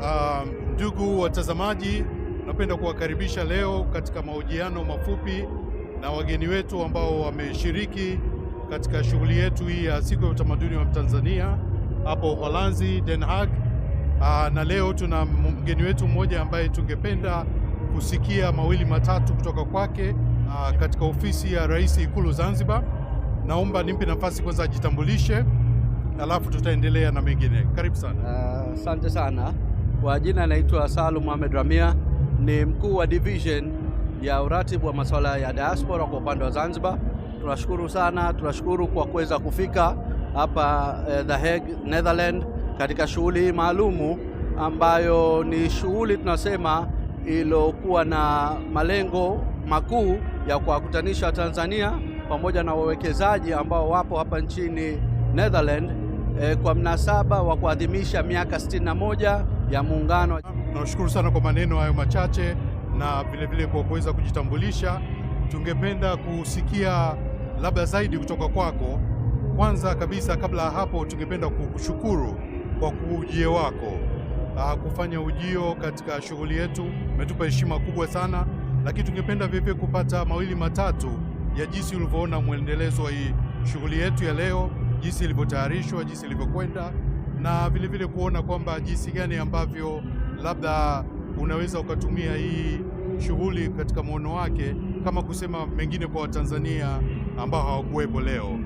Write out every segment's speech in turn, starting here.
Um, ndugu uh, watazamaji, napenda kuwakaribisha leo katika mahojiano mafupi na wageni wetu ambao wameshiriki katika shughuli yetu hii ya siku ya utamaduni wa Tanzania hapo Uholanzi, Den Haag. Uh, na leo tuna mgeni wetu mmoja ambaye tungependa kusikia mawili matatu kutoka kwake uh, katika ofisi ya Rais Ikulu Zanzibar. Naomba nimpe nafasi kwanza ajitambulishe, alafu tutaendelea na mengine. Karibu sana. Uh, asante uh, sana kwa jina anaitwa salum Mohamed Ramia, ni mkuu wa division ya uratibu wa masuala ya diaspora kwa upande wa Zanzibar. Tunashukuru sana, tunashukuru kwa kuweza kufika hapa eh, The Hague, Netherlands katika shughuli hii maalumu ambayo ni shughuli tunasema iliyokuwa na malengo makuu ya kuwakutanisha Tanzania pamoja na wawekezaji ambao wapo hapa nchini Netherlands eh, kwa mnasaba wa kuadhimisha miaka 61 ya Muungano. Tunashukuru sana kwa maneno hayo machache na vilevile kwa kuweza kujitambulisha. Tungependa kusikia labda zaidi kutoka kwako. Kwanza kabisa, kabla ya hapo, tungependa kukushukuru kwa ujio wako ah, kufanya ujio katika shughuli yetu, umetupa heshima kubwa sana lakini tungependa vipi kupata mawili matatu ya jinsi ulivyoona mwendelezo wa hii shughuli yetu ya leo, jinsi ilivyotayarishwa, jinsi ilivyokwenda na vile vile kuona kwamba jinsi gani ambavyo labda unaweza ukatumia hii shughuli katika muono wake kama kusema mengine kwa Watanzania ambao hawakuwepo leo.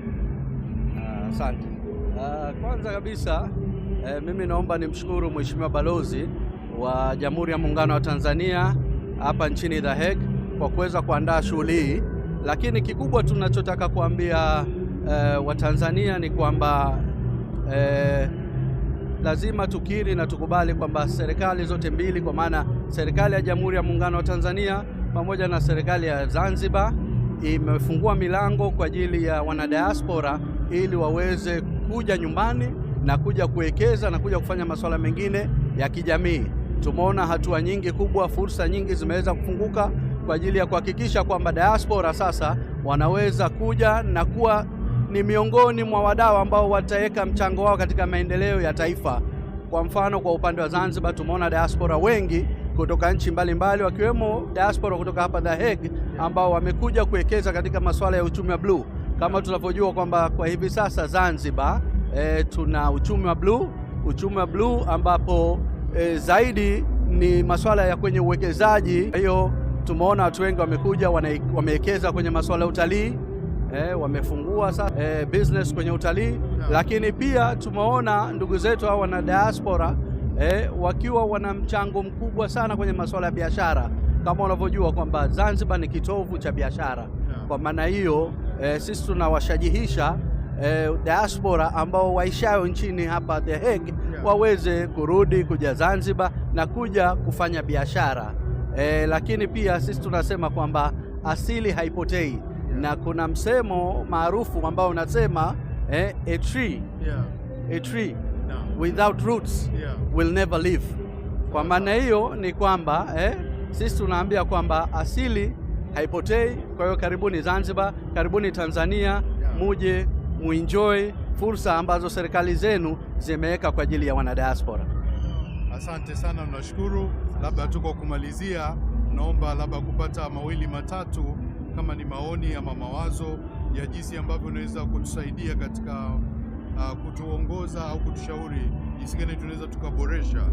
Asante. Uh, uh, kwanza kabisa eh, mimi naomba nimshukuru Mheshimiwa Balozi wa Jamhuri ya Muungano wa Tanzania hapa nchini The Hague kwa kuweza kuandaa shughuli hii, lakini kikubwa tunachotaka kuambia eh, Watanzania ni kwamba eh, lazima tukiri na tukubali kwamba serikali zote mbili, kwa maana serikali ya Jamhuri ya Muungano wa Tanzania pamoja na serikali ya Zanzibar imefungua milango kwa ajili ya wanadiaspora ili waweze kuja nyumbani na kuja kuwekeza na kuja kufanya masuala mengine ya kijamii. Tumeona hatua nyingi kubwa, fursa nyingi zimeweza kufunguka kwa ajili ya kuhakikisha kwamba diaspora sasa wanaweza kuja na kuwa ni miongoni mwa wadau ambao wataweka mchango wao katika maendeleo ya taifa. Kwa mfano, kwa upande wa Zanzibar tumeona diaspora wengi kutoka nchi mbalimbali wakiwemo diaspora kutoka hapa The Hague ambao wamekuja kuwekeza katika masuala ya uchumi wa bluu. Kama tunavyojua kwamba kwa hivi sasa Zanzibar e, tuna uchumi wa bluu, uchumi wa bluu ambapo e, zaidi ni masuala ya kwenye uwekezaji. Kwa hiyo tumeona watu wengi wamekuja wamewekeza kwenye masuala ya utalii eh, wamefungua sasa eh, business kwenye utalii yeah. Lakini pia tumeona ndugu zetu hao wana diaspora eh, wakiwa wana mchango mkubwa sana kwenye masuala ya biashara kama unavyojua kwamba Zanzibar ni kitovu cha biashara yeah. Kwa maana hiyo eh, sisi tunawashajihisha eh, diaspora ambao waishayo nchini hapa The Hague yeah. Waweze kurudi kuja Zanzibar na kuja kufanya biashara eh, lakini pia sisi tunasema kwamba asili haipotei na kuna msemo maarufu ambao unasema eh, a tree, yeah. a tree no. without roots yeah. will never live. Kwa maana hiyo ni kwamba eh, sisi tunaambia kwamba asili haipotei. Kwa hiyo karibuni Zanzibar, karibuni Tanzania yeah. muje muenjoy fursa ambazo serikali zenu zimeweka kwa ajili ya wanadiaspora. Asante sana, nashukuru. Labda tuko kumalizia, naomba labda kupata mawili matatu kama ni maoni ama mawazo ya jinsi ambavyo unaweza kutusaidia katika uh, kutuongoza au kutushauri jinsi gani tunaweza tukaboresha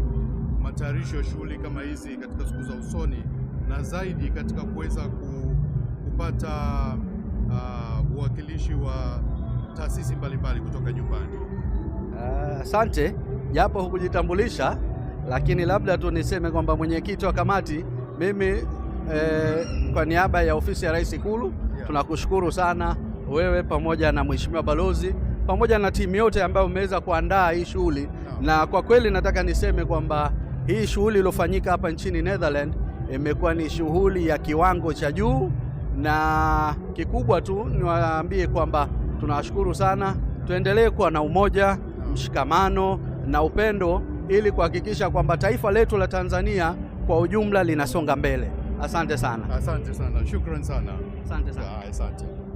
matayarisho ya shughuli kama hizi katika siku za usoni, na zaidi katika kuweza kupata uh, uwakilishi wa taasisi mbalimbali kutoka nyumbani. Ah, asante. Uh, japo hukujitambulisha, lakini labda tu niseme kwamba mwenyekiti wa kamati mimi eh, kwa niaba ya ofisi ya Rais Ikulu yeah. Tunakushukuru sana wewe pamoja na Mheshimiwa Balozi pamoja na timu yote ambayo umeweza kuandaa hii shughuli no. Na kwa kweli nataka niseme kwamba hii shughuli iliyofanyika hapa nchini Netherlands imekuwa ni shughuli ya kiwango cha juu, na kikubwa tu niwaambie kwamba tunawashukuru sana. Tuendelee kuwa na umoja, mshikamano na upendo ili kuhakikisha kwamba taifa letu la Tanzania kwa ujumla linasonga mbele. Asante sana, asante sana, shukran sana, asante sana, asante.